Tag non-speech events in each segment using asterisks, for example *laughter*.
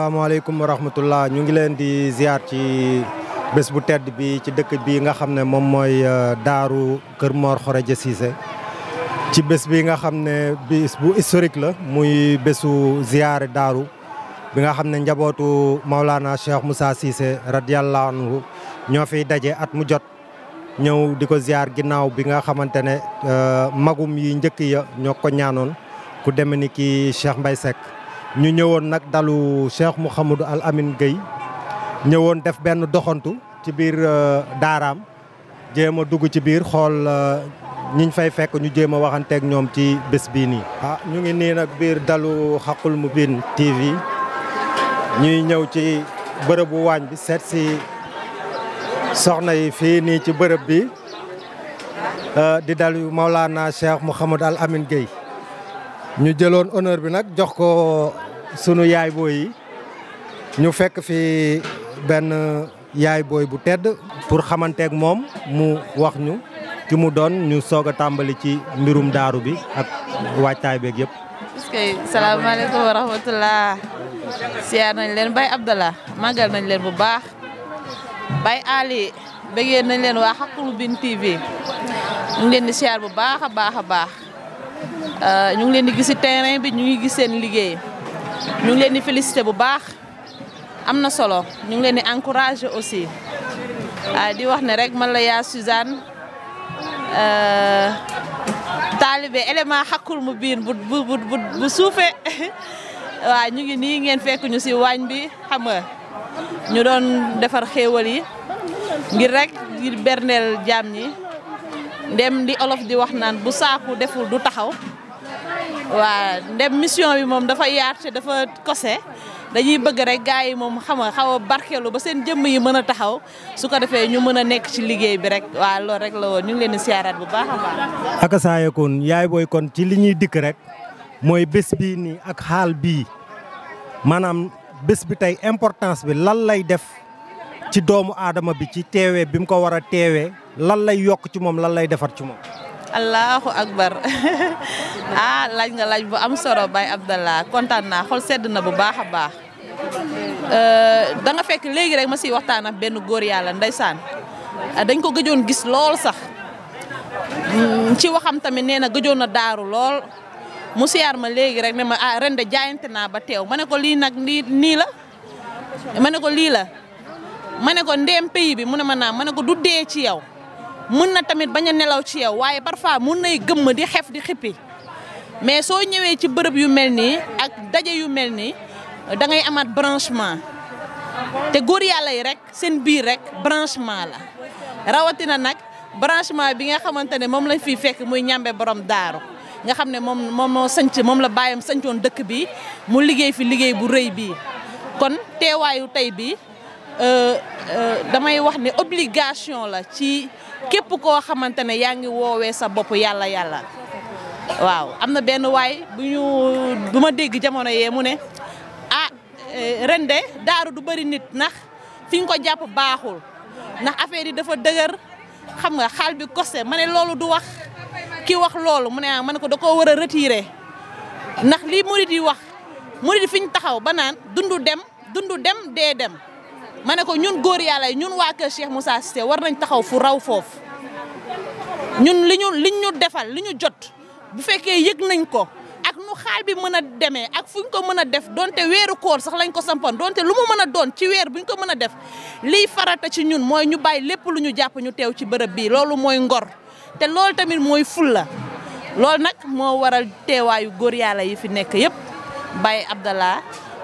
Assalamualaikum warahmatullah. ñu ngi leen di ziar ci bés bu tedd bi ci dëkk bi nga xamne ne moy mooy euh, daaru Kër Mor Khoreja Cissé ci bés bi nga xamne bu historique la muy besu ziare daaru bi nga xamne njabotu Maulana Cheikh Moussa Cissé radiyallahu anhu ño fi daje at mu jot ñew diko ziar ginnaaw bi nga xamantene euh, magum yi njëkk ya ñoo ko ku ki Cheikh Mbaye Seck ñu ñëwoon nag dalu mu Mouhamadou Al Amin Gueye ñëwoon def benn doxantu ci biir euh, daaraam jéem a dugg ci biir xool euh, ñiñ fay fekk ñu jéem a waxanteeg ñoom ci bés bii nii. ah ñu ngi nii nag biir dalu Haqqul Mubin TV ñuy ñëw ci bërëbu waañ bi seet si soxna yi fii nii ci bërëb bi euh, di dalu Maulana mu Mouhamadou Al Amin Gueye. ñu jëloon honneur bi nag jox ko sunu yaay booy yi ñu fekk fi benn yaay booy bu tedd pour xamanteeg moom mu wax ñu ki mu doon ñu soog a tàmbali ci mbirum daaru bi ak waajtaay beeg yëpp. biskay salaamaaleykum wa rahmatulah. siyaar nañ leen Baye Abdallah màggal nañ leen bu baax Baye Ali bëggee nañ leen waa Haqqul Bin TV ñu ngi leen di siyaar bu baax a baax a baax. Euh, ñu ngi leen di gis terrain bi ñu ngi gis seen liggéey ñu ngi leen di féliciter bu baax am na solo ñu ngi leen di encourager aussi ah, di wax ne rek man la yaa Suzanne euh, taalibe élément xakkul mu biin bu bu bu bu suufe *laughs* waaw ñu ngi nii ngeen fekk ñu si waañ bi xam nga ñu doon defar xéewal yi ngir rek ngir berneel jaam ñi ndem li olof di wax naan bu saaku deful du taxaw waa ndem mission bi moom dafa yaatu dafa kose dañuy bëgg rek gars yi moom xam nga xaw a ba seen jëmm yi mën a taxaw su ko defee ñu mën a nekk ci liggéey bi rek waa loolu rek la woon ñu ngi leen di siyaaraat bu baax a baax. yaay booy kon ci li ñuy dikk rek mooy bés bii nii ak xaal bii maanaam bés bi tey importance bi lan lay def ci doomu aadama bi ci teewe bi mu ko war a teewee. lan lay yokk ci moom lan lay defar ci moom. allahu akbar *laughs* ah laaj nga laaj bu am solo Baye Abdallah kontaan naa xol sedd na bu baax a baax. Euh, da nga fekk léegi rek ma siy waxtaan ak benn góor yàlla ndeysaan ah, dañ ko gëjoon gis lool sax mm, ci waxam tamit nee na gëjoon na daaru lool mu siyaar ma léegi rek ne ma ah ren naa ba teew ma ne ko lii nag lii nii la ma ne ko lii la ma ne ko ndeem pays bi mu ne ma naa ma ne ko du dee ci yow. mën na tamit bañ a nelaw ci yow waaye parfois mun nay gëmm di xef di xippi mais soo ñëwee ci bërëb yu mel nii ak daje yu mel nii dangay ngay amaat branchement te góor yàlla yi rek seen biir rek branchement la rawatina nag branchement bi nga xamante ne moom lañ fiy fekk muy ñàmbe borom daaru nga xam ne moom moom sanc moom la bàyyam sancoon dëkk bi mu liggéey fi liggéey bu rëy bii kon teewaayu tey bi Euh, euh, damay wax ni obligation la ci képp koo xamante ne yaa ngi woowee sa bopp yàlla yàlla waaw am na benn waay bu ñu bu ma dégg jamono yee mu ne ah euh, rende de daaru du bëri nit ndax fi ñu ko jàpp baaxul ndax affaire yi dafa dëgër xam nga xaal bi kose ma ne loolu du wax ki wax loolu mu ne ah ma ne ko da koo war a retirer ndax lii murid yi wax murid yi fi ñu taxaw ba naan dundu dem dundu dem dee dem ma ne ko ñun góor yàlla yi ñun waa kër Cheikh Moussa Cissé war nañ taxaw fu raw foofu ñun li ñu liñ ñu defal li ñu jot bu fekkee yëg nañ ko ak nu xaal bi mën a demee ak fuñ ko mën a def donte weeru koor sax lañ ko sampoon donte lu mu mën a doon ci weer ñu ko mën a def liy farata ci ñun mooy ñu bàyyi lépp lu ñu jàpp ñu teew ci bërëb bii loolu mooy ngor te loolu tamit mooy fulla loolu nag moo waral teewaayu góor yàlla yi fi nekk yëpp Baye Abdallah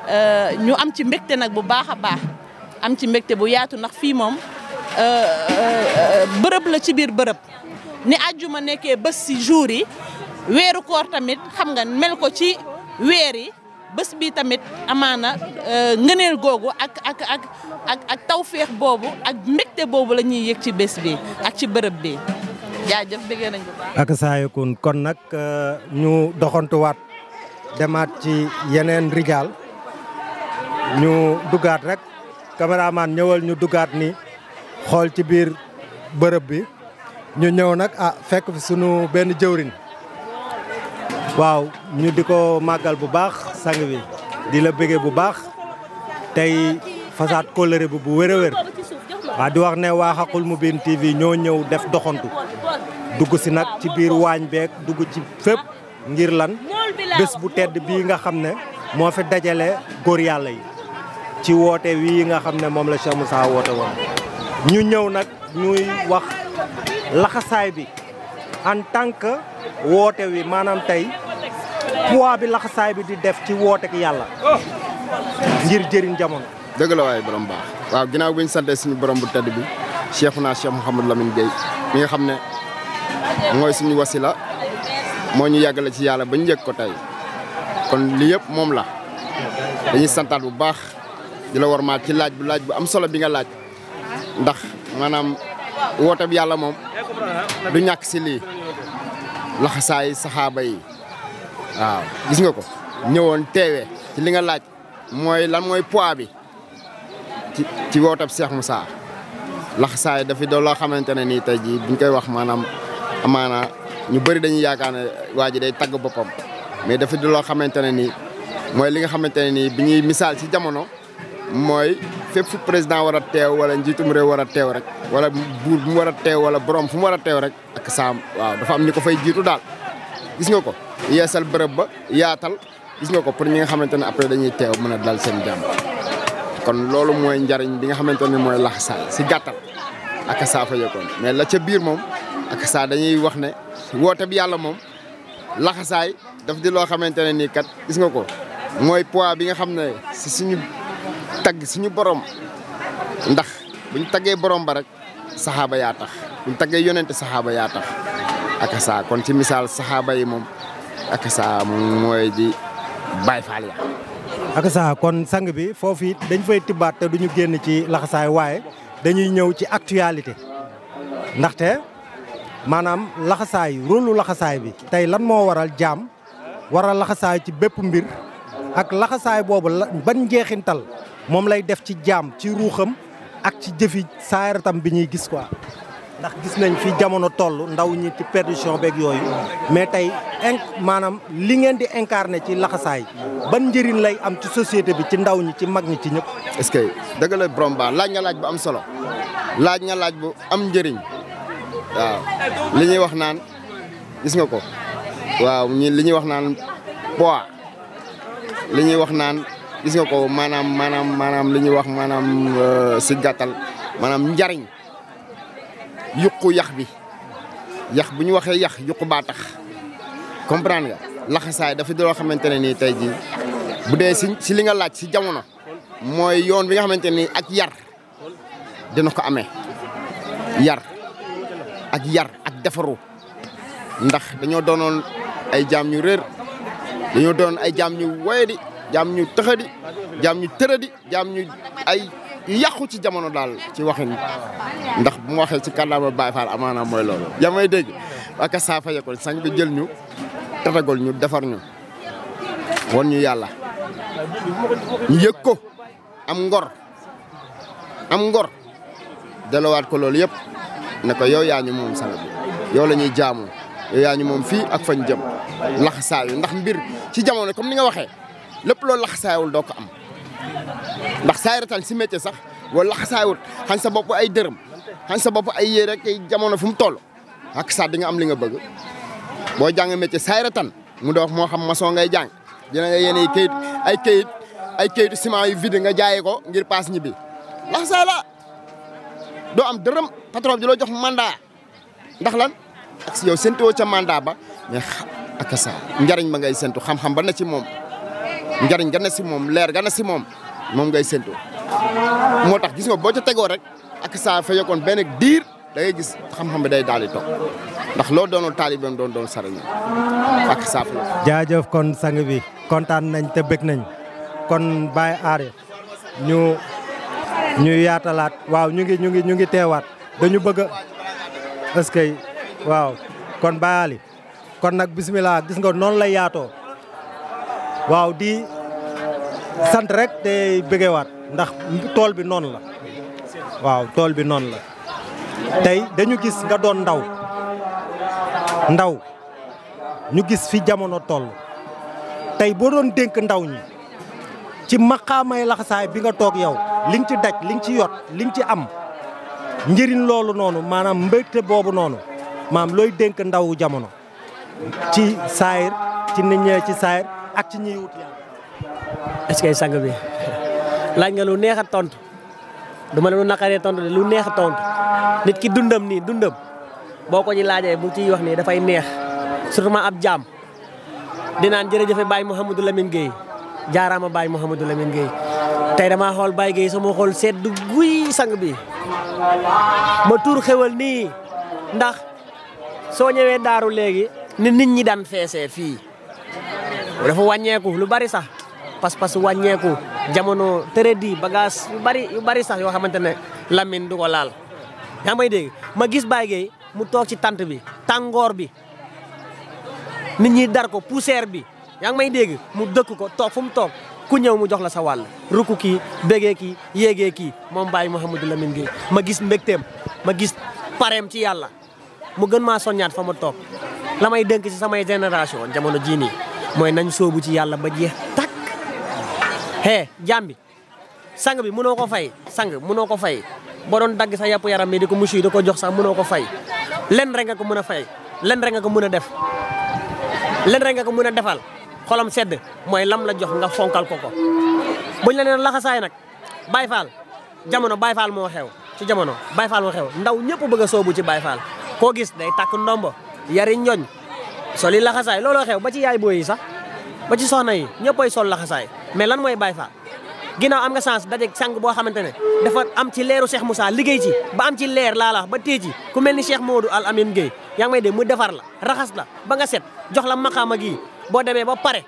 euh, ñu am ci mbégte nag bu baax a baax am ci mbégte bu yaatu ndax fii moom euh, euh, bërëb la ci biir bërëb ni àjjuma nekkee bës si jour yi weeru koor tamit xam nga mel ko ci weer yi bés bi tamit amaana euh, ngëneel googu ak ak ak ak ak tawféex boobu ak mbégte boobu la yëg ci bés bi ak ci bërëb bi jaajëf bëggee ak saayakun kon nag ñu doxantuwaat demaat ci yeneen rijaal ñu duggaat rek caméraman ñëwal ñu dugaat ni xool ci biir bërëb bi ñu ñëw nag ah fekk fi sunu benn jëwrin waaw ñu di ko màggal bu baax sang bi di la bëggee bu baax tey fasaat coloré bi bu wér a wér waa di wax ne waa xaqul mu bin TV ñoo ñëw def doxantu dugg si nag ci biir waañ beeg dugg ci fépp ngir lan bés bu tedd bii nga xam ne moo fi dajale góor yi ci woote wi nga xam mom la Cheikh Moussa woote won ñu ñëw nak ñuy wax laxasaay bi en tant que woote wi manam tay poids bi laxasaay bi di def ci ak yalla ngir jëriñ jamono deug la way borom baax waaw ginaaw buñu santé suñu borom bu tedd bi Cheikhuna Cheikh mohammed Lamine gey mi nga xam moy suñu wasila mo ñu yàggale ci yalla bañu ñu ko tay kon li yëpp mom la dañuy santaat bu baax di la wormaal ci laaj bu laaj bu am solo bi nga laaj ndax maanaam woote bi yàlla moom du ñàkk si lii laxasaay saxaaba yi waaw gis nga ko ñëwoon teewe ci li nga laaj mooy lan mooy poids bi ci ci wootab Cheikh Moussa laxasaay dafi doo loo xamante ne nii tey jii buñ koy wax maanaam amaana ñu bëri dañuy yaakaar ne waa ji day tagg boppam mais dafi di loo xamante ne nii mooy li nga xamante ne nii bi ñuy misaal ci jamono mooy fépp fu président war a teew wala njiitum réew war a teew rek wala buur bu war a teew wala borom fu mu war a teew rek ak saam waaw dafa am ñu ko fay jiitu daal gis nga ko yeesal bërëb ba yaatal gis nga ko pour ñi nga xamante ne après dañuy teew mën a dal seen jàmm kon loolu mooy njariñ bi nga xamante ne mooy laxasaay si gàttal ak saa fa yëgoon mais la ca biir moom ak saa dañuy wax ne woote bi yàlla moom laxasaay daf di loo xamante ne nii kat gis nga ko mooy poids bi nga xam ne tagg suñu borom ndax buñ taggee borom ba rek saxaaba yaa tax buñ taggee yonente saxaaba yaa tax aka kon ci misaal saxaaba yi moom aka saa mooy di Baay Faal ya aka kon sang bi foofu it dañ fay tibbaat te duñu génn ci laxasaay waaye dañuy ñëw ci actualité ndaxte maanaam laxasaay rôlu laxasaay bi tey lan moo waral jaam waral laxasaay ci bépp mbir ak laxasaay boobu ban njeexintal moom lay def ci jaam ci ruuxam ak ci jëfi saayaratam bi ñuy gis quoi ndax gis nañ fi jamono toll ndaw ñi ci perdition beeg yooyu mais tey maanaam li ngeen di incarné ci laxasaay ban njëriñ lay am ci société bi ci ndaw ñi ci mag ñi ci ñëpp. est-ce que dëgg la borom baax laaj nga laaj bu am solo laaj nga laaj bu am njëriñ waaw li ñuy wax naan gis nga ko waaw li ñuy wax naan poids li ñuy wax naan. gis nga ko manam manam manam liñu wax manam ci euh, gatal manam njariñ yuqku yax bi yax buñu waxe waxee yax yuqu baa tax comprendre nga laxasaay dafa do xamantene ni tay ji bu si li nga laaj ci jamono moy yoon bi nga xamantene ak yar dina ko amé yar ak yar ak defaru ndax dañu doonoon ay jam ñu reer dañu doonoon ay jam ñu wayadi jaam ñu tëxadi jaam ñu tëradi jaam ñu ay yàqu ci jamono daal ci waxin ndax bu ma waxee ci kàllaama Baay Faal amaana mooy loolu. yaa may dégg ak saafa yekoon sañ bi jël ñu tatagol ñu defar ñu won ñu yàlla ñu yëg ko am ngor am ngor delluwaat ko loolu yëpp ne yow yaa ñu moom sala yow la ñuy jaamu yow yaa ñu moom fii ak fañ jëm laxasaayu ndax mbir ci jamono comme ni nga waxee. lepp lo laxasaayawul doo doko am ndax saayrataan ci metti sax wala laxasaayawul xan sa bop ay deureum xan sa bop ay yere kay jamono fum mu toll ak sa di nga am li nga bëgg boo jàng métier saayrataan mu wax mo xam maçon ngay jang dina nga yéen ay kayit ay kayit ay ciment yu vide nga jaay ko ngir paas ñibbi laxasaay la do am deureum patron di lo jox mandat ndax lan ak yow sentu ci mandat ba mais akasa njariñ ma ngay sentu xam-xam ba na ci mom njariñ gana si moom leer gana si moom moom ngay séntu moo tax gis nga boo ca tegoo rek ak saa fa yokkoon benn diir da gis xam-xam bi day daal di toog ndax loo doonoon taalibeem doon doon sarañu ak saa fa jaajëf kon sang bi kontaan nañ te bëgg nañ kon bàyyi aare ñu ñu yaatalaat waaw ñu ngi ñu ngi ñu ngi teewaat dañu bëgg a est waaw kon bàyyi kon nag bisimilah gis nga noonu lay yaatoo waaw di sant rek te bëggewaat ndax tool bi noonu la waaw tool bi noonu la tey dañu gis nga doon ndaw ndaw ñu gis fi jamono toll tey boo doon dénk ndaw ñi ci maqaamay laxasaay bi nga toog yow li nga ci daj li nga ci yot li nga ci am njëriñ loolu noonu maanaam mbégte boobu noonu maam looy dénk ndawu jamono ci saayir ci nit ñee ci saayir ak ci ñiy wut yàlla. est que sang bi laaj nga lu neex a tontu du ma ne lu naqaree tontu lu neex a tontu nit ki dundam nii dundam boo ko ci laajee bu ciy wax nii dafay neex surtout ma ab jaam dinaan jërëjëfe Baye Mouhamadou Lamine Gueye jaaraama Baye Mouhamadou Lamine Gueye tey damaa xool Baye Gueye sama xool sedd guy sang bi ma tuur xewal nii ndax soo ñëwee daaru léegi ni nit ñi daan feesee fii dafa wàññeeku lu bari sax pas-pas aku, jamono teredi bagas yu bari yu bari sax yo xamantene lamin du ko laal yaa may deg ma gis Baye mu tok ci tante bi tangor bi nit ñi dar ko poussière bi yang may deg mu dekk ko tok fu mu toog ku ñew mu jox la sa wal ruku ki bege ki yege ki mom Baye Mouhamadou lamin Gueye ma gis mbektem ma gis parem ci yalla mu gën ma soñat fa ma tok lamay ci samay génération jamono jini moy nañ soobu ci yalla ba jeex tak he jambi bi sang bi mënoo ko fay sang mënoo ko fay bo don dag sa yap yaram mi diko musuy diko jox sa mënoo ko fay len rek nga ko mëna fay len rek nga ko mëna def len rek nga ko mëna defal xolam sedd moy lam la jox nga fonkal ko ko buñ la neen laxasaay nak Baye Fall jamono Baye Fall mo xew ci jamono Baye Fall mo xew ndaw ñepp bëgg soobu ci Baye Fall ko gis day tak ndombo yari ñoñ soli la khasay lolo xew ba ci yaay boy yi sax ba ci soxna yi ñëppay sol khasay mais lan moy bay fa ginaaw am nga chance daje sang bo xamantene dafa am ci leeru Cheikh Moussa liggey ci ba am ci leer la la ba tey ci ku melni Cheikh Modou Al Amin Gueye yang ngi may dégg mu defar la raxas la ba nga set jox la maqama gi bo demee ba pare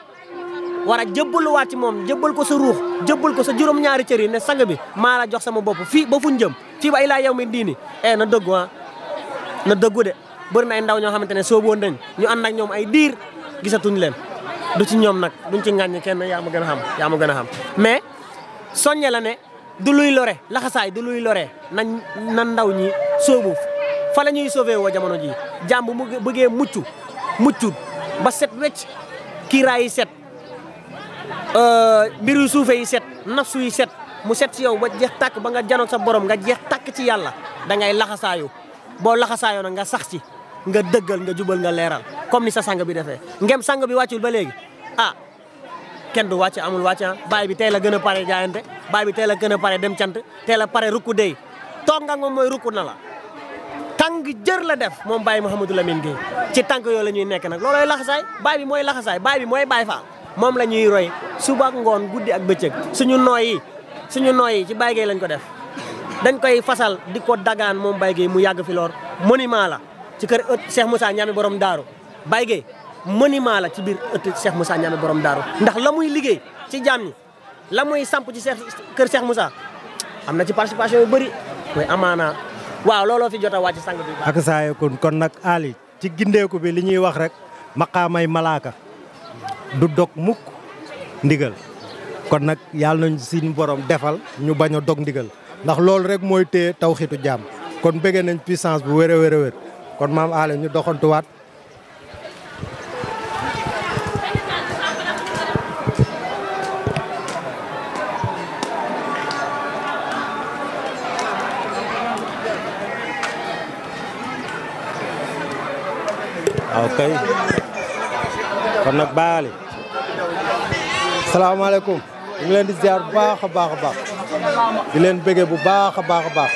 wara a jëbbaluwaat ci mom jëbbal ko sa ruh jëbbal ko sa juróom-ñaari cër ne sang bi maa jox sama bop fi ba fuñ jëm ci ba ila yawmi dini eh na deggu nado ah. na deggu de bëri na ay ndaw ñoo xamante ne sooboon nañ ñu ànd ñoom ay diir gisatuñ leen du ci ñoom nag duñ ci ŋàññ kenn yaa ma gën a xam yaa ma gën a xam mais soññe la ne du luy lore laxasaay du luy lore nañ na ndaw ñi soobu fa la ñuy sauvé woo jamono ji jàmm mu bëggee mucc muccut ba set wecc kiiraay yi set euh, mbir yu suufe yi set nafsu yi set mu set si yow ba jeex takk ba nga janoog sa borom nga jeex tàkk ci yàlla dangay ngay laxasaayu boo laxasaayoo nag nga sax ci nga deugal nga jubal nga leral comme ni sa sang bi defé ngem sang bi waccul ba légui ah kenn du wacc amul wacc ah. baay bi tay la gëna paré pare jaayante baay bi tay la gëna paré dem cant tay la pare rukku dey tonga nga moy nala rukku na la tang jeur la def mom baay Mouhamadou Lamine gey ci tank yo la ñuy nekk nag loolooy baay bi mooy laxasaay baay bi moy baay fa mom la ñuy roy suba ak ngoon ak beccëk suñu noy yi suñu noy yi ci baay gey lañ ko def dañ koy fasal diko dagan mom baay gey mu yag fi lor monument ci kër ëtt Cheikh Moussa Niamé borom daaru Baye Gueye monument la ci biir ëtt Cheikh Moussa Niamé borom daaru ndax la muy liggéey ci jaam ñi la muy samp ci Cheikh kër Cheikh Moussa am na ci participation yu bëri mooy amaana waaw looloo fi jot a wàcc sang bi. ak saa kon kon nag Ali ci gindeeku bi li ñuy wax rek maqaamay malaaka du dog mukk ndigal kon nag yàlla nañ suñu borom defal ñu bañ a dog ndigal ndax loolu rek mooy te taw xiitu jaam kon bëggee nañ puissance bu wér a wér a kon mam ale ñu doxantu wat ok kon nag baali alaykum ñu ngi leen di ziar bu baax a baax baax di leen bëggee bu baax a baax baax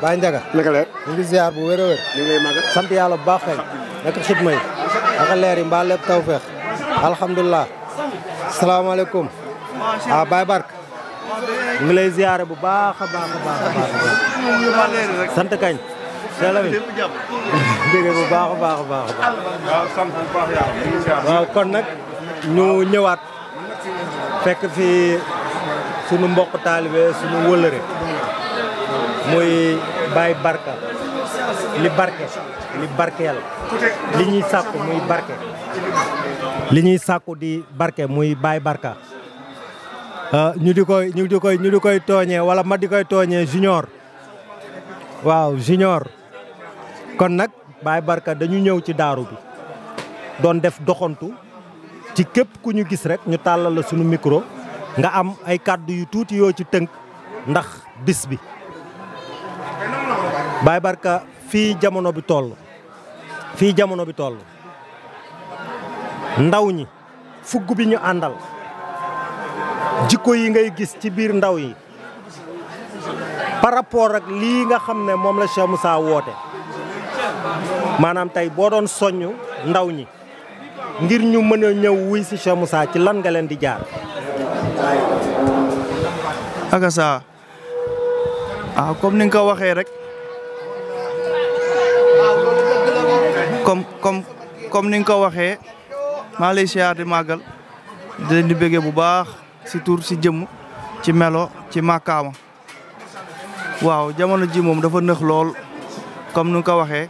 Baye Ndiaga naka leer bu wér sant yàlla bu baax kay naka xitma yi naka leer yi mbaa lépp taw feex alhamdulilah salaamaaleykum ah Baye Barke ñu ngi lay ziare bu baax a baax a baax a sant *laughs* bu baax a baax a baax baax kon nag ñu ñëwaat fekk fi sunu mbokk taalibe sunu wëlëre muy bàyyi barka li barke li barkeel li ñuy sàkku muy barke li ñuy sàkku di barke muy bàyyi barka euh, ñu di koy ñu di koy ñu di koy tooñee wala ma di koy tooñee junior waaw junior kon nag bàyyi barka dañu ñëw ci daaru bi doon def doxantu ci képp ku ñu gis rek ñu tàllal la suñu micro nga am ay kàddu yu tuuti yoo ci tënk ndax bis bi bay Barka fi jamono bi toll fi jamono bi toll ndaw ñi fugu bi ñu andal jikko yi ngay gis ci bir ndaw yi par rapport ak li nga xamne mom la Cheikh Moussa wote manam tay bo doon soñu ndaw ñi ngir ñu mëna ñew wuy si Cheikh Moussa ci lan nga len di jaar. akasa ah comme ni nga waxe rek. comme niñ ko waxé maa lay di màggal di leen bu baax si tour ci jëm ci melo ci makama waaw jamono ji mom dafa neex lool comme sen iyan, ko waxee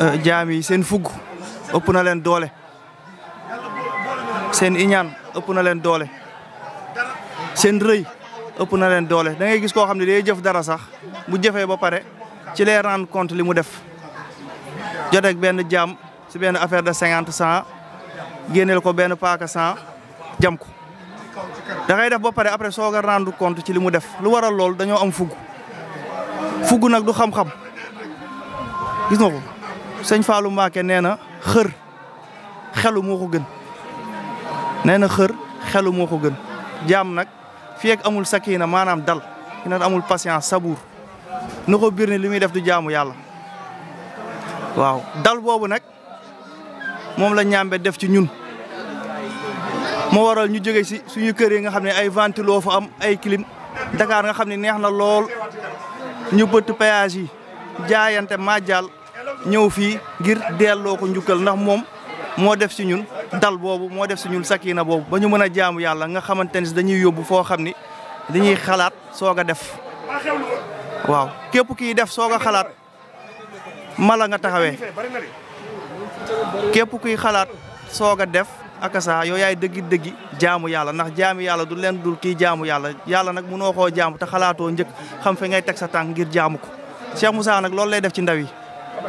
euh, jaam yi seen fugu ëpp na leen doole seen iñan ëpp na leen doole seen reuy ëpp na leen doole da ngay gis ko xamni day jëf dara sax bu jëfé ba paré ci lay rendre compte li mu def ben jam ci ben affaire de 50 cent génneel ko ben paaka cent jam ko da ngay def bo paré après soga rendre compte ci limu def lu waral loolu dañu am fugu fugu nak du xam-xam gis nga ko sëñ Fallou mbake nee xër xelu moko gën xelu moko gën jam nak fi ak amul sakina manam dal ina amul patience sabur. na birni limi def du jamu yalla waaw dal bobu nak moom la ñàmbe def ci ñun moo waral ñu jóge si suñu kër yi nga xam ne ay ventilo fa am ay kilim dakaar Dakar nga xam ne neex na lool ñu bëtt péage yi jaayante màjjal ñëw fii ngir delloo ko njukkal ndax moom moo def si ñun dal boobu moo def si ñun sakina boobu ba ñu mën a jaamu yàlla nga xamante ni dañuy yóbbu foo xam ni dañuy xalaat soog a def waaw képp kii def soog a xalaat mala nga taxawee képp kuy xalaat soog a def akasa yow yaay dëggi dëggi jaamu yàlla ndax jaami yàlla du leen dul kii jaamu yàlla yàlla nag mënoo koo jaamu te xalaatoo njëkk xam fi ngay teg sa tànk ngir jaamu ko Cheikh Moussa nag loolu lay def ci ndaw yi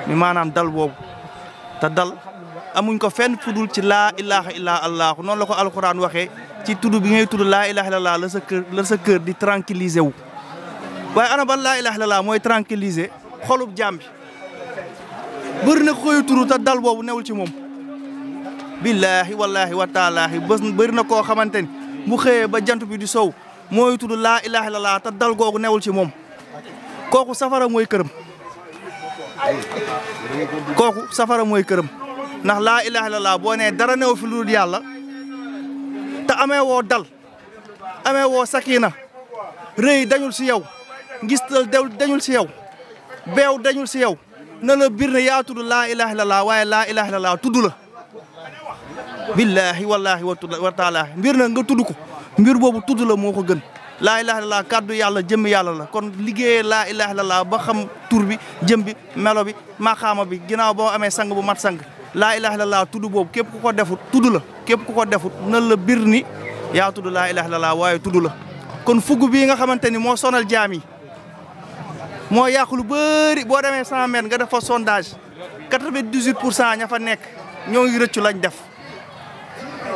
mi maanaam dal boobu te dal amuñ ko fenn fudul ci laa ilaha illa allaahu noonu la ko alquran waxee ci tudd bi ngay tudd laa ilaha illallah la sa la sa kër di tranquilliser wu waaye ana mooy tranquilliser xolub jaam bëri na koy turu te dal boobu newul ci moom billaahi wallaahi wa taalaahi bës bëri na koo xamante ni bu xëyee ba jant bi di sow mooy tudd laa ilaaha illallaah te dal googu newul ci moom kooku safara mooy këram kooku safara mooy këram ndax laa ilaaha illallaah boo nee dara new fi lu dul yàlla te amee woo dal amee woo sakina rëy dañul si yow ngis dañul si yow beew dañul si yow na la bir ne yaa tudd laa ilaha illallah waaye laa ilaha illallah tudd la billaahi wallaahi wa taala na nga tudd ko mbir boobu tudd la moo ko gën laa ilaha illallah kàddu yàlla jëmm yàlla la kon liggéeyee laa ilaha illallah ba xam tur bi jëm bi melo bi maqaama bi ginnaaw boo amee sang bu mat sang laa ilaha illallah tudd boobu képp ku ko defut tudd la képp ku ko defut na la bir ni yaa tudd laa ilaha illallah waaye tudd la kon fugg nga xamante ni moo sonal moo yàq lu bëri boo demee 100 mètres nga def fa sondage 98 pour cent ña fa nekk ñoo ngi rëccu lañ def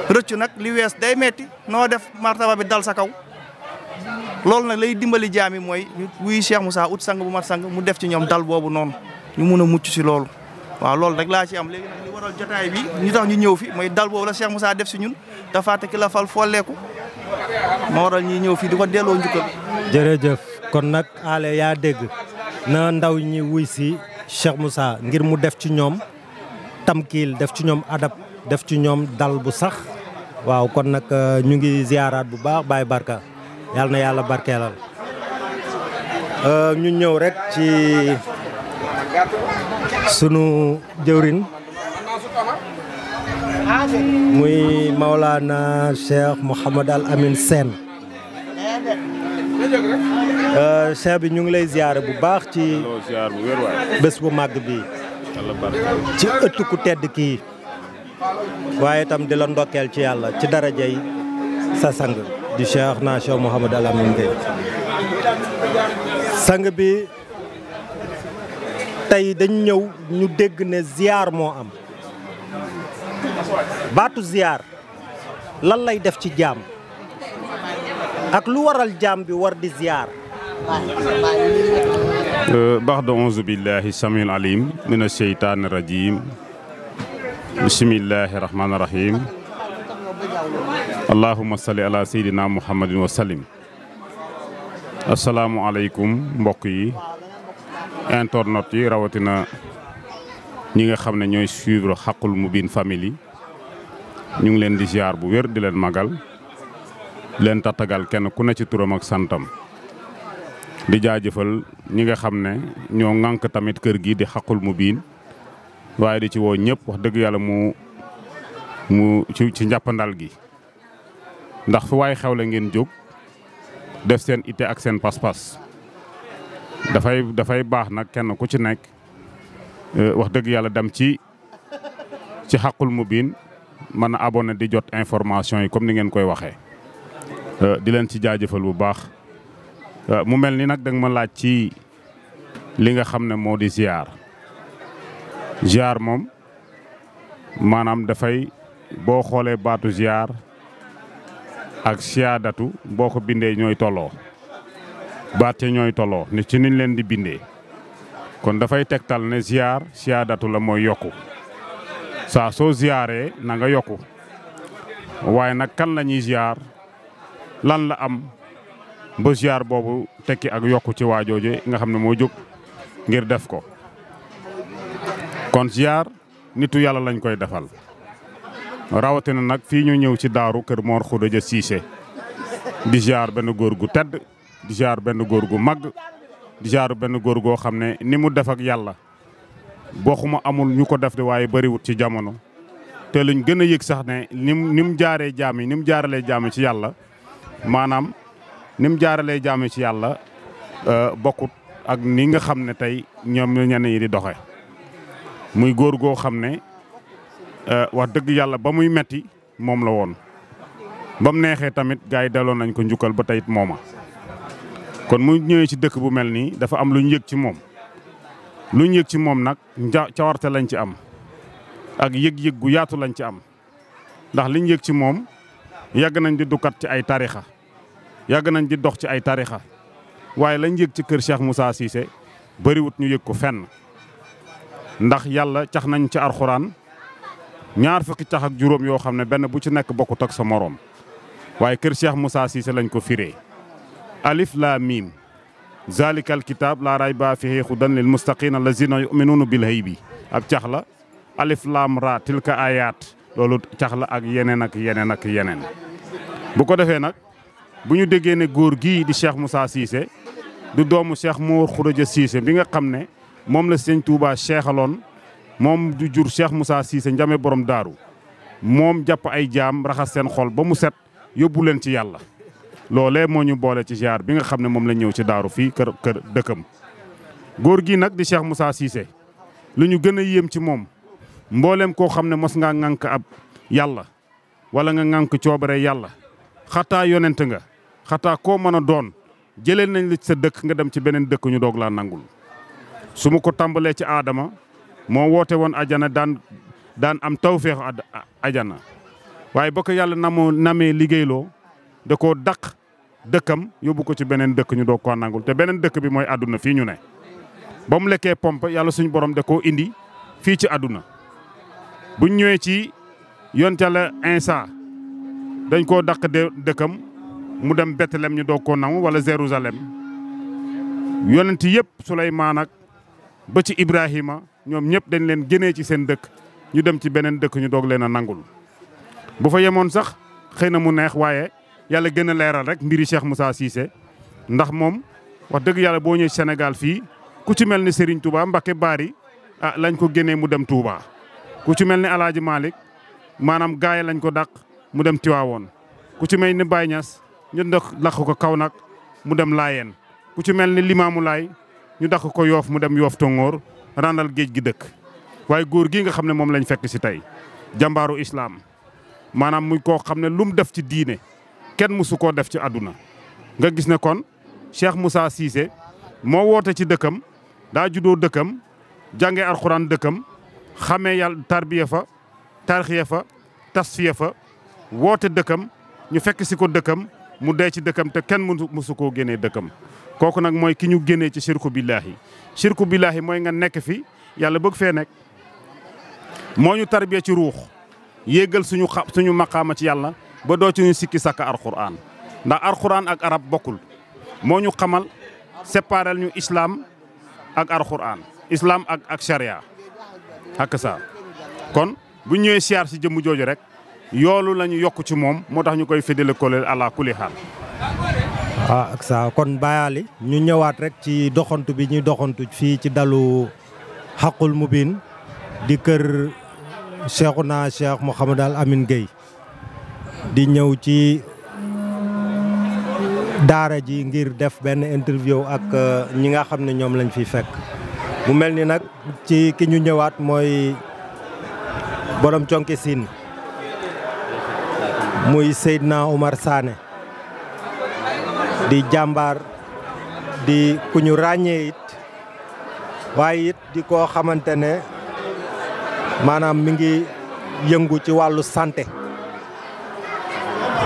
rëccu nag li wees day metti noo def martaba bi dal sa kaw loolu nag lay dimbali jaam yi mooy wuy Cheikh Moussa ut sang bu mat sang mu def ci ñoom dal boobu noonu ñu mun a mucc si loolu waaw loolu rek laa ci am léegi jotaay bi ñu tax ñu ñëw fi mooy dal boobu la Cheikh Moussa def si ñun te fàtte la fal folleeku moo waral ñuy ñëw fii di ko delloo njukkal jërëjëf kon nag ale yaa dégg na ndaw ñi wuy si Cheikh Moussa ngir mu def ci def ci adab def ci dal bu sax waaw kon nag euh, ñu ngi ziaraat bu baax Baye Barka yàlla na yàlla barkeelal euh, ñu ñëw rek ci sunu jëwrin muy Maulana Cheikh Mouhamad Al Amin Sen Euh, cheikh bi ñu ngi lay ziyaare bu baax ci bés bu màgg bi ci ëtt ku tedd kii waaye itam di la ndokkeel ci yàlla ci darajay sa sang di cheikh na cheikh Mouhamadou Al Amine sang bi tey dañ ñëw ñu dégg ne ziyaar moo am baatu ziyaar lan lay def ci jaam ak lu waral jaam bi war di ziyaar بعد أعوذ بالله السميع العليم من الشيطان الرجيم بسم الله الرحمن الرحيم اللهم صل على سيدنا محمد وسلم asalaamualeykum mbokk yi internet yi rawatina ñi nga xam ne ñooy suivre xaqul mubin family ñu ngi leen di ziar bu wér di leen magal di leen tattagal kenn ku ne ci turam ak santam di jaajëfal ñi nga xam ne ñoo ŋànk tamit kër gi di xaqul mu biin waaye di ci woo ñëpp wax dëgg yàlla mu mu ci ci njàppandal gi ndax fu waay xew la ngeen jóg def seen ité ak seen pas-pas dafay dafay baax nag kenn ku ci nekk euh, wax dëgg yàlla dem ci ci xaqul mu biin mën a abonné di jot information yi comme ni ngeen koy waxee euh, di leen ci jaajëfal bu baax Euh, mu mel ni nag danga ma laaj ci li nga xam ne moo di ziar ziar moom maanaam dafay boo xoolee baatu ziar ak siyaadatu boo ko bindee ñooy tolloo baat ya ñooy tolloo ni ci niñ leen di bindee kon dafay tegtal ne ziar siyaadatu la mooy yokku saa soo ziaree na nga yokku waaye nag kan la ñuy lan la am. ba ziar boobu tekki ak yokku ci waa jooju nga xam ne moo jóg ngir def ko kon ziar nitu yàlla lañ koy defal rawatina nag fii ñu ñëw ci daaru kër Mor ja Cissé di ziar benn góor gu tedd di ziar benn góor gu mag di ziar benn góor goo xam ne ni mu def ak yàlla bokkuma amul ñu ko def de waaye bëriwut ci jamono te luñ gën a yëg sax ne ni mu ni mu jaaree jaam yi ni mu jaaralee jaam ci yàlla maanaam. ni mu jaaralee jaamu ci yàlla euh, bokkut ak ni nga xam ne tey ñoom ñu yi di doxe muy góor goo xam ne euh, wax dëgg yàlla ba muy metti moom la woon ba mu neexee tamit gars yi delloo nañ ko njukkal ba tey it mooma kon mu ñëwee ci dëkk bu mel nii dafa am lu ñu yëg ci moom lu ñu yëg ci moom nag nja cawarte lañ ci am ak yëg-yëg gu yaatu lañ ci am ndax li ñu yëg ci moom yàgg nañ di dukkat ci ay tarixa yàgg nañ di dox ci ay tarixa waaye lañ yëg ci kër Cheikh Moussa Cissé bëriwut ñu yëg ko fenn ndax yàlla cax nañ ci arxuraan ñaar fukki cax ak juróom yoo xam ne benn bu ci nekk bokkut ak sa moroom waaye kër Cheikh Moussa Cissé lañ ko firee alif laa miim zalikal kitaab laa rayba fihi hudan lil mustaqiin allazina yu'minuuna bil haybi ab cax la alif laam ra tilka ayaat loolu cax la ak yeneen ak yeneen ak yeneen bu ko defee nag buñu déggé né goor gi di Cheikh Moussa Cissé du doomu Cheikh Mour Khourédia Cissé bi nga xamné mom la seigne Touba seexaloon mom du jur Cheikh Moussa Cissé njame borom daru mom japp ay jam raxas sen xol ba mu set yobul len ci yalla lolé moñu bolé nak ci ziar bi nga xamné mom la ñëw ci daru fi kër kër dëkkam goor gi nak di Cheikh Moussa Cissé luñu gëna yëm ci mom mbooleem ko xamné mos nga ngank ab yalla, wala nga ngank ciobare yalla khata yonent nga. xataa koo mën a doon jëlee nañ sa dëkk nga dem ci beneen dëkk ñu doog laa nangul su ma ko tàmbalee ci aadama moo woote woon ajana daan daan am tawféexu ajana waaye ba ko yàlla namoo namee liggéeyloo da koo daq dëkkam yóbbu ko ci beneen dëkk ñu doog ko nangul te beneen dëkk bi mooy àdduna fii ñu ne ba mu lekkee pompe yàlla suñu borom da koo indi fii ci àdduna buñ ñëwee ci yonte la insa dañ koo daq dëkkam mu dem Bethléem ñu doog koo nangu wala Jérusalem yonent yëpp Suleymaan ak ba ci Ibrahima ñoom ñëpp dañ leen génnee ci seen dëkk ñu dem ci beneen dëkk ñu doog leen a nangul. bu fa yemoon sax xëy na mu neex waaye yàlla gën a leeral rek mbiri Cheikh Moussa Cissé ndax moom wax dëgg yàlla boo ñëwee Sénégal fii ku ci mel ni Serigne Touba Mbacké baari ah lañ ko génnee mu dem Touba ku ci mel ni El Hadj Malick maanaam gaay lañ ko dàq mu dem Tiwaawoon ku ci mel ñu dox làq ko nag mu dem Laayeen ku ci mel ni Limaamu Laay ñu dàq ko yoof mu dem yoof tongoor randal géej gi dëkk waaye góor gi nga xam ne moom lañ fekk si tey jàmbaaru islaam maanaam muy koo xam ne lu mu def ci diine kenn mësu koo def ci àdduna nga gis ne kon Cheikh Moussa siise moo woote ci dëkkam daa juddoo dëkkam jànge alxuraan dëkkam xamee yàlla tarbiya fa tarxiya fa tasfiya fa woote dëkkam ñu fekk si ko dëkkam mu dee ci dëkkam te kenn mësu koo génnee dëkkam kooku nag mooy ki ñu génnee ci shirku billaahi shirku billaahi mooy nga nekk fi yàlla bëgg fee nekk moo ñu tarbiya ci ruux yéegal suñu xa suñu maqaama ci yàlla ba doo ci ñu sikki sàkk alxuraan ndax alxuraan ak arab bokkul moo ñu xamal séparel ñu islaam ak alxuraan islam ak ak sharia ak kon bu ñëwee siyaar si jëmm jooju rek yoolu lañu yokk ci moom moo tax ñu koy féddale koleel ala kuli ah, kon bayaali ñu ñëwaat rek ci doxantu bi ñuy doxantu fii ci dalu xaqul mu biin di kër Cheikhouna Cheikh Mouhamed Al Amine Gueye di ñëw ci daara ji ngir def benn interview ak euh, ñi nga xam ne ñoom lañ fi fekk mu mel ni nag ci ki ñu ñëwaat mooy boroom conke siin muy Seydina Omar Sané di jàmbaar di ku ñu ràññee it waaye it di koo xamante ne maanaam mi ngi yëngu ci wàllu santé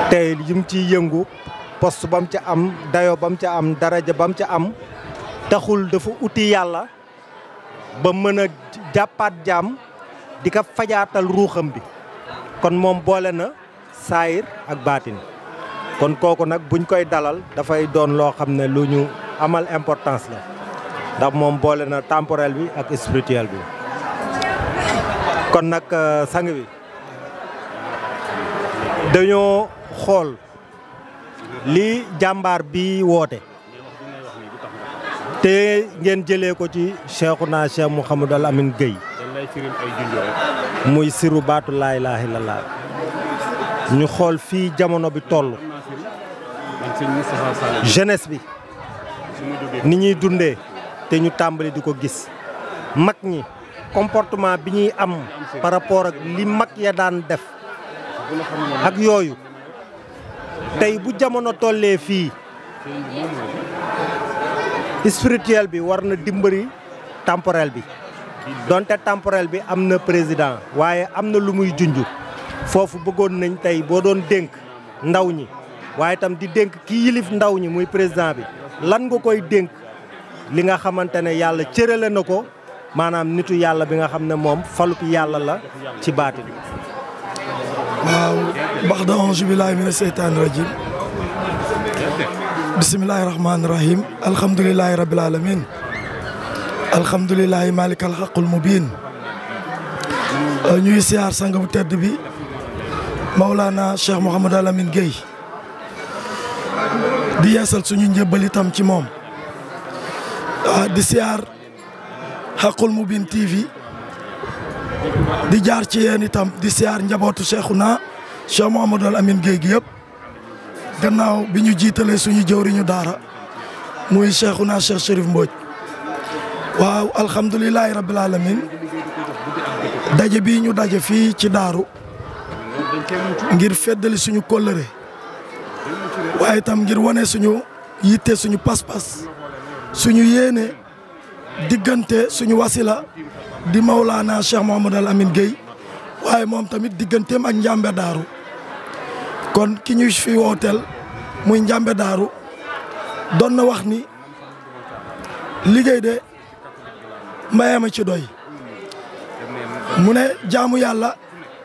te yi mu ciy yëngu post ba mu ca am dayo ba mu ca am daraja ba mu ca am taxul dafa uti yàlla ba mën a jàppaat jaam di ko fajaatal ruuxam bi kon moom boole na saayir ak baatin kon kooku nag buñ koy dalal dafay doon loo xam ne lu ñu amal importance la ndax moom boole na temporel bi ak spirituel bi kon nag euh, sang bi dañoo xool li jàmbaar bi woote te ngeen jële ko ci Cheikhuna Cheikh Mouhamadou Al Amine Gueye muy siru baatu laa ilaaha illallaah ñu xol fi jamono bi toll jeunesse bi ni ñi dundé te ñu tàmbali diko gis mag ñi comportement bi ñi am par rapport ak li mag ya daan def ak yoyu tay bu jamono tollé fi spirituel bi warna dimbali temporel bi donte temporel bi amna président waaye am lu muy junjou foofu bëggoon nañ tey boo doon dénk ndaw ñi waaye itam di dénk ki yilif ndaw ñi muy président bi lan nga koy dénk li nga xamante ne yàlla cërale na ko maanaam nitu yàlla bi nga xam ne moom falub yàlla la ci baati bi waaw baxda ange billahi mina seytaani rajim bismillahi rahmaani rahim alhamdulilahi rabil alamin alhamdulilahi malik alxaqul ñuy siyaar sang bu tedd bi Maulana Cheikh Mouhamadou Lamine Guèye di yeesal suñu njëbbal itam ci moom ah, di siyaar mu Mubin TV di jaar ci yéen itam di siyaar njabootu Cheikhuna Cheikh Mouhamadou Lamine Guèye gi yëpp gannaaw bi ñu jiitalee suñu jëwriñu daara muy Cheikhuna Cheikh Chérif Mbodj waaw alhamdulilahi rabbil alamin daje bi ñu daje fii ci daaru ngir feddali suñu kóllëre waaye itam ngir wane suñu yitte suñu pas-pas suñu yéene diggante suñu wasila di Maulana Cheikh Mouhamad Al Amin Guèye waaye moom tamit digganteem ak njàmbe daaru kon ki ñuy fi wooteel muy njàmbe daaru doon na wax ni liggéey de mayema ci doy mu ne jaamu yàlla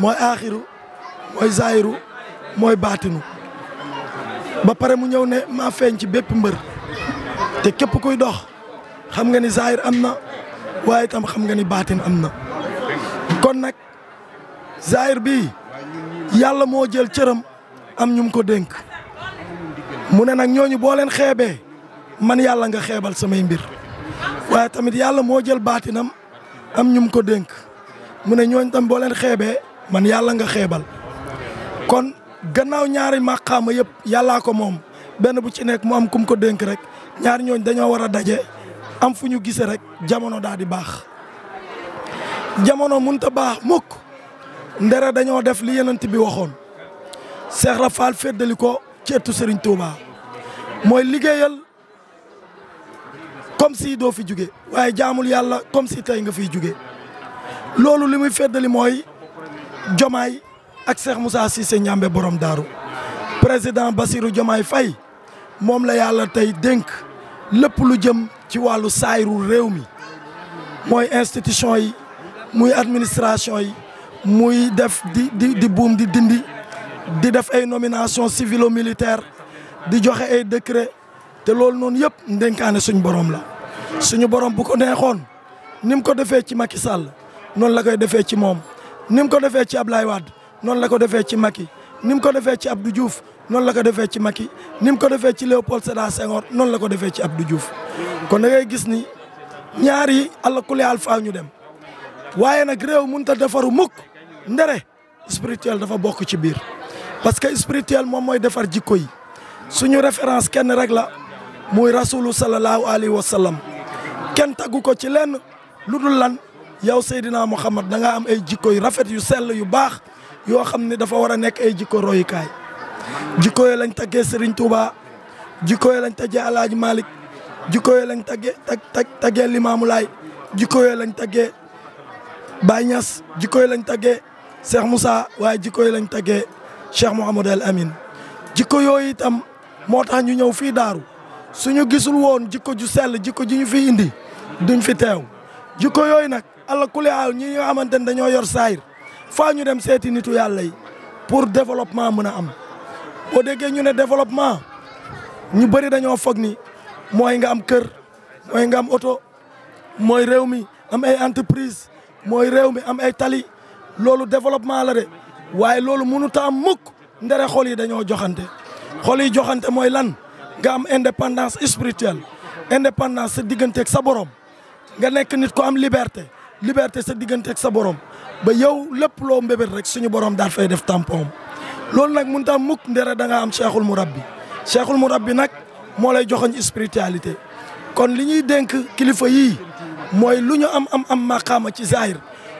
mooy aaxiru mooy zaayiru mooy baatinu ba pare mu ñëw ne maa feeñ ci bépp mbër te képp kuy dox xam nga ni zaayir am na waaye itam xam nga ni baatin am na kon nag zaayir bi yàlla moo jël cëram am ñum ko dénk mu ne nag ñooñu boo leen xeebee man yàlla nga xeebal samay mbir waaye tamit yàlla moo jël baatinam am ñu ko dénk mu ne ñooñu tam boo leen xeebee man yàlla nga xeebal kon gannaaw ñaari màqaama yëpp yàllaa ko moom benn bu ci nekk mu am kum ko dénk rek ñaari ñooñ dañoo war a daje am fu ñu gisee rek jamono daal di baax jamono munta baax mukk ndere dañoo def li yenant bi waxoon Seex Ibra Faal féddali ko ci ëttu Sëriñ mooy liggéeyal comme si doo fi jóge waaye jaamul yàlla comme si tey nga fiy jóge loolu li muy féddali mooy Jomaay ak Cheikh Moussa Cissé Ndiambé borom daaru président Bassirou Jomaay fay moom la yàlla tey dénk lépp lu jëm ci wàllu saayru réew mi mooy institution yi muy administration yi muy def di di di buum di dindi di def ay nomination civilo militaire di joxe ay décret te loolu noonu yëpp ndénkaane suñu borom la suñu borom bu ko neexoon ni mu ko defee ci Macky Sall noonu la koy defee ci moom ni mu ko defee ci ab Ablaye Wade noonu la ko defee ci Macky ni mu ko defee ci ab du juuf noonu la ko defee ci Macky ni mu ko defee ci Léopold Sédar Senghor noonu la ko defee ci Abdou Diouf kon da ngay gis ni ñaari yi alla kuleal faaw ñu dem waaye nag réew mënut a defaru mukk ndere spirituel dafa bokk ci biir parce que spirituel moom mooy defar jikko yi suñu référence kenn rek la muy rasulu sallallahu alayhi wa sallam kenn taggu ko ci lenn lu dul lan yow Seydina Muhammad da nga am ay jikko yu rafet yu sel yu baax yoo xam ne dafa war a nekk ay jikko royukaay jikko yi lañ tagge Serigne Touba jikko yi lañ taggee El Hadj jikko yi lañ taggee tag taggee Limaamu Laay jikko lañ taggee Baye Niass jikko lañ taggee Cheikh Moussa waaye jikko yi lañ taggee Cheikh Mouhamadou El Amin jikko yooyu itam moo tax ñu ñëw fii daaru suñu gisul woon jikko ju sell jikko ji ñu fi indi duñ fi teew jikko yooyu nag allah kulli aal ñi nga xamante ne dañoo yor saayir faa ñu dem seeti nitu yàlla yi pour développement mën a am boo déggee ñu ne développement ñu bëri dañoo foog ni mooy nga am kër mooy nga am oto mooy réew mi am ay entreprise mooy réew mi am ay tali loolu développement la de waaye loolu mënut a am mukk ndere xol yi dañoo joxante xol yi joxante mooy lan nga am indépendance spirituelle indépendance sa digganteeg sa borom nga nekk nit ko am liberté liberté sa diggante ak sa borom ba yow lépp loo mbébét rek suñu borom daal fay def tampon loolu nag mun tam mukk ndere da nga am cheikhul murabbi cheikhul murabbi nag moo lay joxoñ spiritualité kon li ñuy dénk kilifa yii mooy lu ñu am am am maqaama ci zahir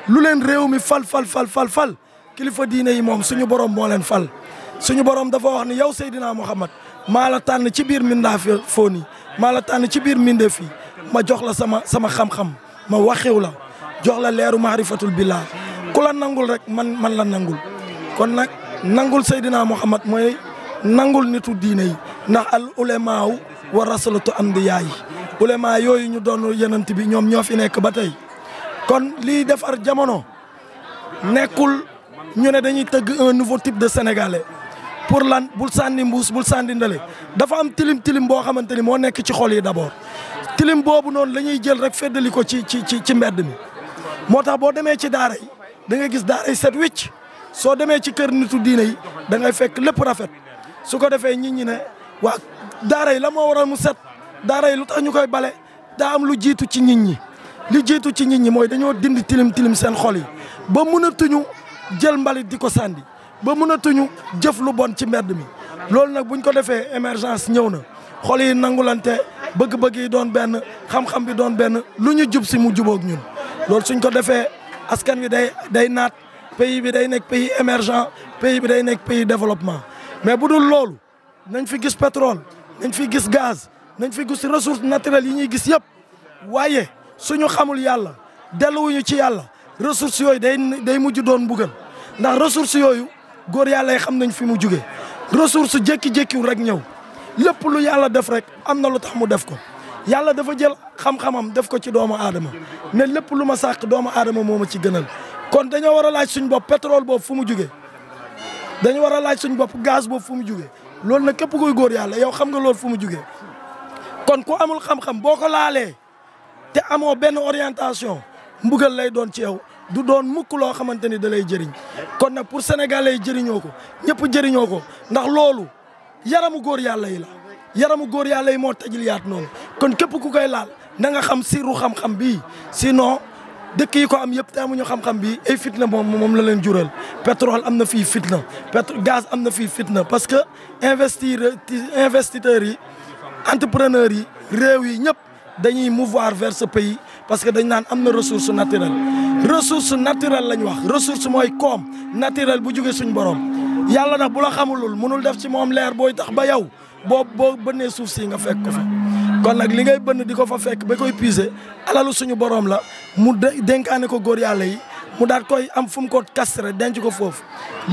lu leen réew mi fal fal fal fal kilifa diine yi moom suñu borom moo leen fal suñu borom dafa wax ni yow Seydina Muhammad maa la tànn ci biir mindaa foon yi maa la ci biir mindee fii ma jox la sama sama xam-xam ma waxiw la jox la leeru maarifatul billah ku la nangul rek man man la nangul kon nag nangul Seydina Muhammad mooy nangul nitu diine yi ndax al ulemaaw wa rasulatu am di yaay ulema yooyu ñu doon yenant bi ñoom ñoo fi nekk ba tey kon lii defar jamono nekkul ñu ne dañuy tëgg un nouveau type de sénégalais pour lan bul sànni mbuus bul sànni ndale dafa am tilim tilim boo xamante ni moo nekk ci xol yi d'abord tilim boobu noonu la ñuy jël rek feddali ko ci ci ci ci mbedd mi moo tax boo demee ci daara yi gis daara yi set wicc soo demee ci kër nitu diine yi da ngay fekk lépp rafet su ko defee nit ñi ne waa daara yi la moo waral mu set daara yi lu tax ñu koy bale daa am lu jiitu ci nit ñi li jiitu ci nit ñi mooy dañoo dindi tilim tilim seen xol yi a mënatuñu jël mbalit di ko sànni ba mun mënatuñu jëf lu bon ci mbedd mi loolu nag bu ñu ko defee émergence ñëw na xol yi nangulante bëgg-bëgg doon benn xam-xam bi doon benn lu ñu jub si mu jubóog ñun loolu suñ ko defee askan pays bi day pays émergent pays pays développement mais si on nañ pétrole nañ gaz nañ fi gis ressources naturelles Nous avons gis des waaye suñu xamul fait des ci ressources yooyu day day doon ressources yooyu góor yàlla yi xam nañ fi mu jugee ressource sont rek lu def rek choses, lu yàlla dafa jël xam-xamam def ko ci doomu aadama ne lépp lu ma sàq doomu aadama moo ma ci gënal kon dañoo war a laaj suñ bopp pétrole boobu fu mu jugee dañu war a laaj suñ bopp gaz boobu fu mu jugee loolu nag képp koy góor yàlla yow xam nga loolu fu mu jugee kon ku amul xam-xam boo ko laalee te amoo benn orientation mbugal lay doon ci yow du doon mukk loo xamante ni da jëriñ kon nag pour sénégalais yi jëriñoo ko ñëpp jëriñoo ko ndax loolu yaramu góor yàlla yi la yaramu góor yàlla yi moo tajiliyaat noonu kon képp ku koy laal nanga nga xam siru xam-xam bii sinon dëkk yi ko am yëpp te amuñu xam-xam bi ay fitna moom moom la leen jural pétrole am na fii fitna pétrole gaz am na fii fitna parce que investir investisseurs yi entrepreneurs yi réew yi ñëpp dañuy mouvoir vers ce pays parce que dañ naan am na ressource naturelle ressource naturelle lañ wax ressource mooy koom naturelle bu jóge suñ borom yàlla nag bu la xamulul mënul def ci moom leer booy tax ba yow boo boo bënnee suuf si nga fekk ko fa kon nag li ngay bënn di ko fa fekk ba koy puiser alalu suñu borom la mu dénkaane ko góor yàlla yi mu daal koy am fu mu kastre denc ko foofu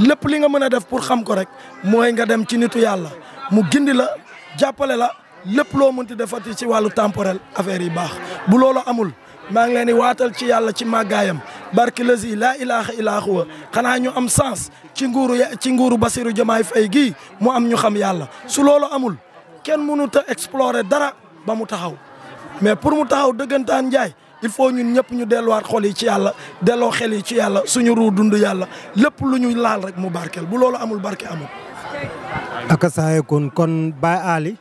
lépp li nga mën a def pour xam ko rek mooy nga dem ci nitu yàlla mu gindi la jàppale la lépp loo mënti defati ci wàllu temporel affaire yi baax bu loolu amul maa ngi leen di waatal ci yàlla ci màggaayam barki lazi laa ilaaha illaa huwa xanaa ñu am sens ci nguuru ci nguuru Bassirou Diomaye Faye gii mu am ñu xam yàlla su loolu amul kenn mënut a explorer dara ba mu taxaw mais pour mu taxaw dëggantaan njaay il faut ñun ñëpp ñu delluwaat xol yi ci yàlla delloo xel yi ci yàlla suñu ruu dund yàlla lépp lu ñu laal rek mu barkeel bu loolu amul barke amul. ak saayekun kon Baye Ali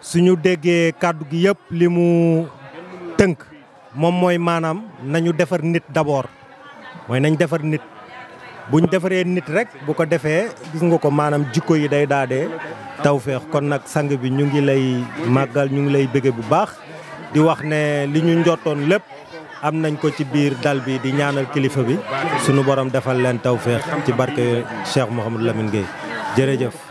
suñu déggee kàddu gi yëpp li mu tënk moom mooy maanaam nañu defar nit d'abord mooy nañ defar nit buñ defaree nit rek bu ko defee gis nga ko maanaam jikko yi day daade taw feex kon nag sang bi ñu ngi lay màggal ñu ngi lay bëgge bu baax di wax ne li ñu njottoon lépp am nañ ko ci biir dal bi di ñaanal kilifa bi sunu borom defal leen taw feex ci barke Cheikh Mouhamadou Lamine Gueye jërëjëf